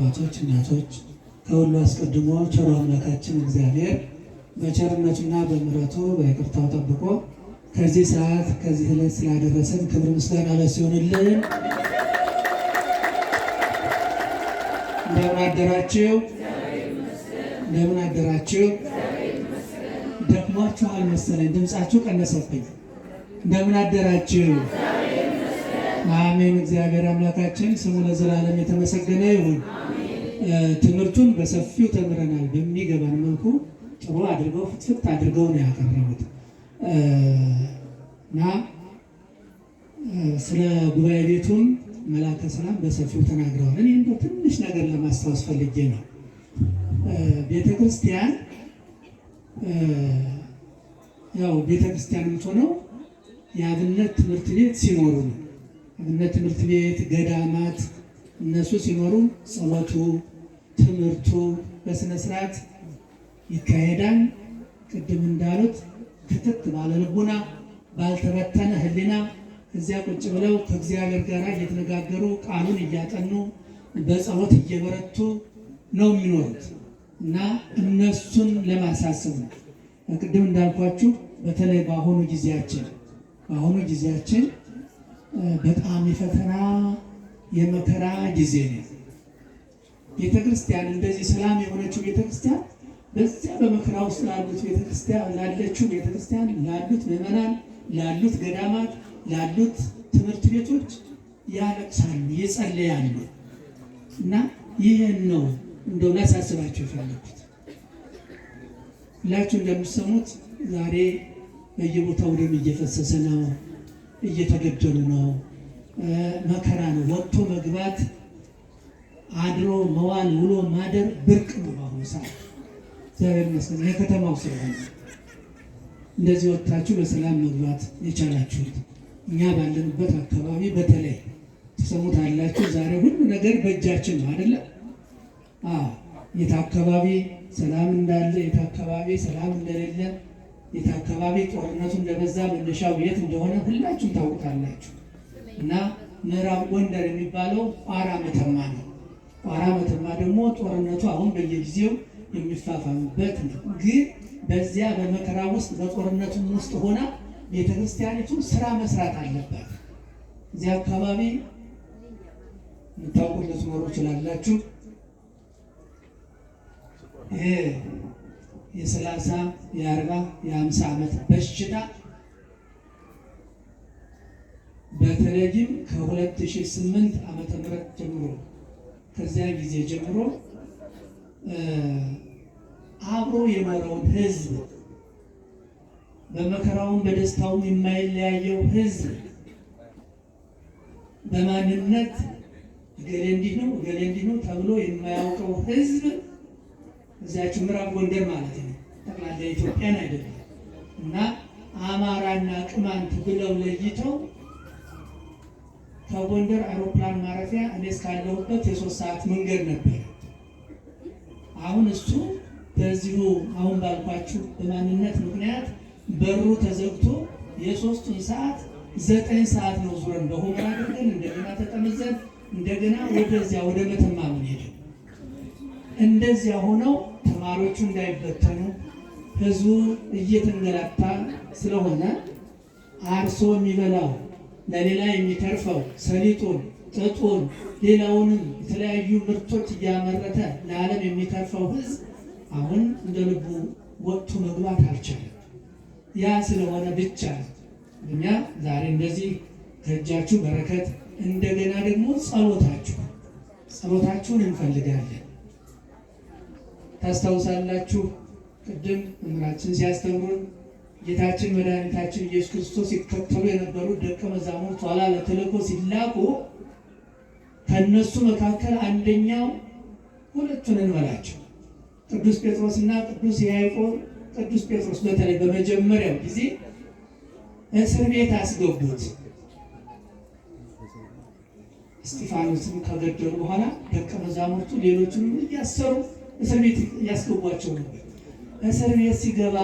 አባቶች፣ እናቶች ከሁሉ አስቀድሞ ቸሮ አምላካችን እግዚአብሔር በቸርነቱና በምሕረቱ በይቅርታው ጠብቆ ከዚህ ሰዓት ከዚህ ዕለት ስላደረሰን ክብር ምስጋና ለእሱ ይሁንልን። እንደምን አደራችሁ? እንደምን አደራችሁ? ደክሟችኋል መሰለኝ፣ ድምፃችሁ ቀነሰብኝ። እንደምን አደራችሁ? አሜን። እግዚአብሔር አምላካችን ስሙ ለዘላለም የተመሰገነ ይሁን። ትምህርቱን በሰፊው ተምረናል። በሚገባን መልኩ ጥሩ አድርገው ፍትፍት አድርገው ነው ያቀረቡት እና ስለ ጉባኤ ቤቱም መላከ ሰላም በሰፊው ተናግረዋል። እኔ እንደው ትንሽ ነገር ለማስታወስ ፈልጌ ነው። ቤተ ክርስቲያን ያው ቤተ ክርስቲያን የምትሆነው የአብነት ትምህርት ቤት ሲኖሩ ነው እነ ትምህርት ቤት ገዳማት እነሱ ሲኖሩ ጸሎቱ፣ ትምህርቱ በስነ ስርዓት ይካሄዳል። ቅድም እንዳሉት ክትት ባለ ልቡና ባልተበተነ ህሊና እዚያ ቁጭ ብለው ከእግዚአብሔር ጋር እየተነጋገሩ ቃሉን እያጠኑ በጸሎት እየበረቱ ነው የሚኖሩት እና እነሱን ለማሳሰብ ነው። ቅድም እንዳልኳችሁ በተለይ በአሁኑ ጊዜያችን በአሁኑ ጊዜያችን በጣም የፈተና የመከራ ጊዜ ነው። ቤተክርስቲያን እንደዚህ ሰላም የሆነችው ቤተክርስቲያን በዚያ በመከራ ውስጥ ላሉት ቤተክርስቲያን ላለችው ቤተክርስቲያን ላሉት ምዕመናን ላሉት ገዳማት ላሉት ትምህርት ቤቶች ያለቅሳሉ፣ ይጸለያሉ እና ይህን ነው እንደው ላሳስባቸው የፈለኩት። ሁላችሁ እንደምትሰሙት ዛሬ በየቦታው ደም እየፈሰሰ ነው። እየተገደሉ ነው። መከራ ነው። ወጥቶ መግባት፣ አድሮ መዋል፣ ውሎ ማደር ብርቅ ነው በአሁኑ ሰዓት። እግዚአብሔር ይመስገን የከተማው ስለሆነ እንደዚህ ወጥታችሁ በሰላም መግባት የቻላችሁት እኛ ባለንበት አካባቢ በተለይ ተሰሙት አላችሁ። ዛሬ ሁሉ ነገር በእጃችን ነው አይደለ? የት አካባቢ ሰላም እንዳለ፣ የት አካባቢ ሰላም እንደሌለ የት አካባቢ ጦርነቱ እንደበዛ መነሻው የት እንደሆነ ሁላችሁም ታውቁታላችሁ። እና ምዕራብ ጎንደር የሚባለው ቋራ መተማ ነው። ቋራ መተማ ደግሞ ጦርነቱ አሁን በየጊዜው የሚፋፋምበት ነው። ግን በዚያ በመከራ ውስጥ በጦርነቱም ውስጥ ሆና ቤተክርስቲያኒቱ ስራ መስራት አለባት። እዚያ አካባቢ የምታውቁት ልትኖሩ ይችላላችሁ። የሰላሳ የአርባ የአምሳ ዓመት በሽታ በተለይም ከ 2008 ዓመተ ምህረት ጀምሮ ከዚያ ጊዜ ጀምሮ አብሮ የኖረውን ህዝብ በመከራውም በደስታውን የማይለያየው ህዝብ በማንነት እገሌ እንዲህ ነው እገሌ እንዲህ ነው ተብሎ የማያውቀው ህዝብ እዚያችሁ ምዕራብ ጎንደር ማለት ነው። ጠቅላላ ኢትዮጵያን አይደለም እና አማራና ቅማንት ብለው ለይተው ከጎንደር አውሮፕላን ማረፊያ እኔ እስካለሁበት የሶስት ሰዓት መንገድ ነበር። አሁን እሱ በዚሁ አሁን ባልኳችሁ በማንነት ምክንያት በሩ ተዘግቶ የሶስቱን ሰዓት ዘጠኝ ሰዓት ነው ዙረን በሁመራ አድርገን እንደገና ተጠመዘን እንደገና ወደዚያ ወደ መተማ ምን ሄደ እንደዚያ ሆነው ተማሪዎቹ እንዳይበተኑ ህዝቡ እየተንገላታ ስለሆነ አርሶ የሚበላው ለሌላ የሚተርፈው ሰሊጡን፣ ጥጡን፣ ሌላውንም የተለያዩ ምርቶች እያመረተ ለዓለም የሚተርፈው ህዝብ አሁን እንደ ልቡ ወቅቱ መግባት አልቻለም። ያ ስለሆነ ብቻ እኛ ዛሬ እንደዚህ ከእጃችሁ በረከት እንደገና ደግሞ ጸሎታችሁ ጸሎታችሁን እንፈልጋለን። ታስታውሳላችሁ። ቅድም እምራችን ሲያስተምሩን ጌታችን መድኃኒታችን ኢየሱስ ክርስቶስ ሲከተሉ የነበሩ ደቀ መዛሙርት ኋላ ለተልእኮ ሲላኩ ከእነሱ መካከል አንደኛው ሁለቱን እንበላቸው ቅዱስ ጴጥሮስና ቅዱስ ያዕቆብ ቅዱስ ጴጥሮስ በተለይ በመጀመሪያው ጊዜ እስር ቤት አስገቡት። እስጢፋኖስን ከገደሉ በኋላ ደቀ መዛሙርቱ ሌሎቹን እያሰሩ እስር ቤት እያስገቧቸው ነው። እስር ቤት ሲገባ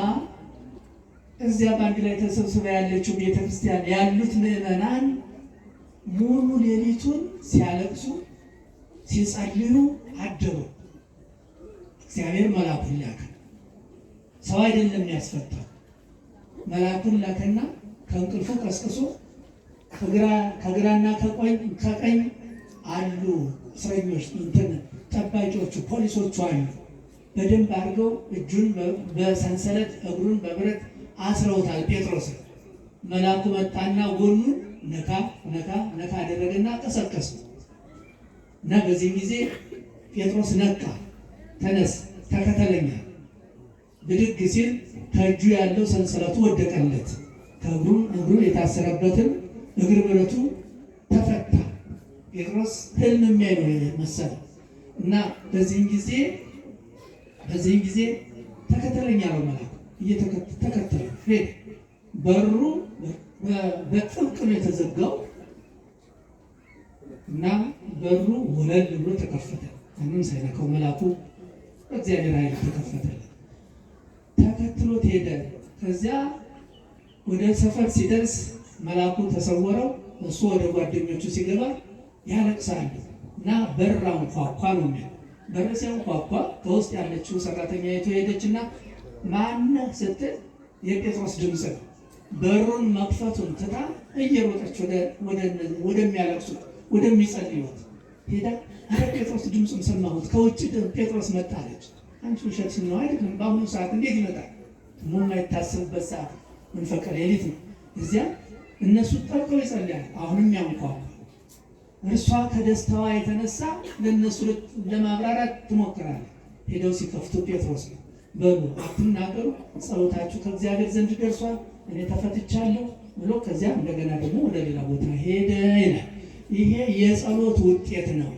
እዚያ በአንድ ላይ ተሰብስባ ያለችው ቤተክርስቲያን ያሉት ምዕመናን ሙሉ ሌሊቱን ሲያለቅሱ ሲጸልዩ አደሩ። እግዚአብሔር መላኩን ላከ። ሰው አይደለም ያስፈታ። መላኩን ላከና ከእንቅልፉ ቀስቅሶ ከግራና ከቀኝ አሉ እስረኞች እንትን ጠባቂዎቹ ፖሊሶቹ አሉ። በደንብ አድርገው እጁን በሰንሰለት እግሩን በብረት አስረውታል። ጴጥሮስ መላኩ መጣና ጎኑን ነካ ነካ ነካ አደረገና ቀሰቀሱ እና በዚህ ጊዜ ጴጥሮስ ነቃ፣ ተነስ ተከተለኛ። ብድግ ሲል ከእጁ ያለው ሰንሰለቱ ወደቀለት፣ ከእግሩም እግሩ የታሰረበትም እግር ብረቱ ተፈታ። ጴጥሮስ ህልም የሚያይ መሰለ። እና በዚህን ጊዜ በዚህን ጊዜ ተከተለኝ ያለው መልአክ እየተከተለ ሄደ። በሩ በጥብቅ ነው የተዘጋው እና በሩ ወለል ብሎ ተከፈተ። ምንም ሳይነካው መልአኩ እግዚአብሔር ኃይል ተከፈተለት። ተከትሎት ሄደ። ከዚያ ወደ ሰፈር ሲደርስ መልአኩ ተሰወረው። እሱ ወደ ጓደኞቹ ሲገባ ያለቅሳሉ። እና በራውን ኳኳ ነው የሚለው በር ሲያንኳኳ በውስጥ ያለችው ሰራተኛ የቱ ሄደች እና ማነህ ስትል የጴጥሮስ ድምፅ ነው። በሩን መክፈቱን ትታ እየሮጠች ወደሚያለቅሱት ወደሚጸልዩት ሄዳ አረ ጴጥሮስ ድምፁን ሰማሁት ከውጭ ጴጥሮስ መጣለች። አንቺ ውሸት ነው አይደለም። በአሁኑ ሰዓት እንዴት ይመጣል? የማይታሰብበት ሰዓት መንፈቀ ሌሊት ነው። እዚያ እነሱ ጠብቀው ይጸልያል። አሁንም ያንኳኳ እርሷ ከደስታዋ የተነሳ ለእነሱ ለማብራራት ትሞክራለች። ሄደው ሲከፍቱ ጴጥሮስ ነው በሉ አትናገሩ፣ ጸሎታችሁ ከእግዚአብሔር ዘንድ ደርሷል፣ እኔ ተፈትቻለሁ ብሎ ከዚያ እንደገና ደግሞ ወደ ሌላ ቦታ ሄደ ይላል። ይሄ የጸሎት ውጤት ነው።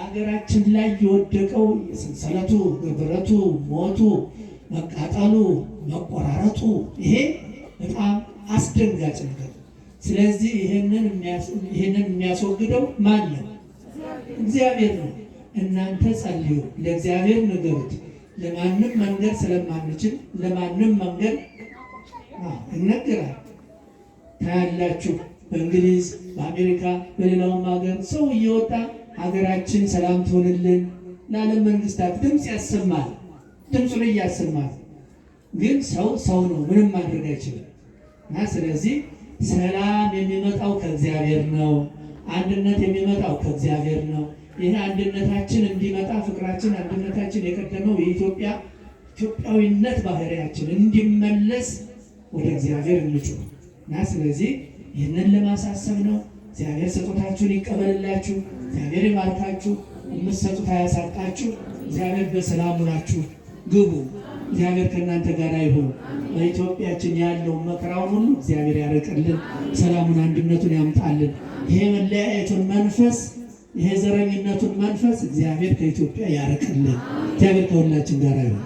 ሀገራችን ላይ የወደቀው ሰንሰለቱ፣ ግብረቱ፣ ሞቱ፣ መቃጠሉ፣ መቆራረጡ ይሄ በጣም አስደንጋጭ ነገር ስለዚህ ይህንን የሚያስወግደው ማን ነው? እግዚአብሔር ነው። እናንተ ጸልዩ፣ ለእግዚአብሔር ንገሩት። ለማንም መንገድ ስለማንችል ለማንም መንገድ እነግራል ታያላችሁ። በእንግሊዝ በአሜሪካ በሌላውም ሀገር ሰው እየወጣ ሀገራችን ሰላም ትሆንልን፣ ለዓለም መንግስታት ድምፅ ያሰማል፣ ድምፁን እያሰማል። ግን ሰው ሰው ነው፣ ምንም ማድረግ አይችልም እና ስለዚህ ሰላም የሚመጣው ከእግዚአብሔር ነው። አንድነት የሚመጣው ከእግዚአብሔር ነው። ይህ አንድነታችን እንዲመጣ ፍቅራችን፣ አንድነታችን የቀደመው የኢትዮጵያ ኢትዮጵያዊነት ባህሪያችን እንዲመለስ ወደ እግዚአብሔር እንጩ እና ስለዚህ ይህንን ለማሳሰብ ነው። እግዚአብሔር ስጦታችሁን ይቀበልላችሁ። እግዚአብሔር ይባርካችሁ። የምትሰጡት አያሳጣችሁ። እግዚአብሔር በሰላም ሁላችሁ ግቡ። እግዚአብሔር ከእናንተ ጋር ይሁን። በኢትዮጵያችን ያለው መከራውን ሁሉ እግዚአብሔር ያረቀልን ሰላሙን አንድነቱን ያምጣልን። ይሄ መለያየቱን መንፈስ፣ ይሄ ዘረኝነቱን መንፈስ እግዚአብሔር ከኢትዮጵያ ያረቀልን እግዚአብሔር ከሁላችን ጋር ይሁን።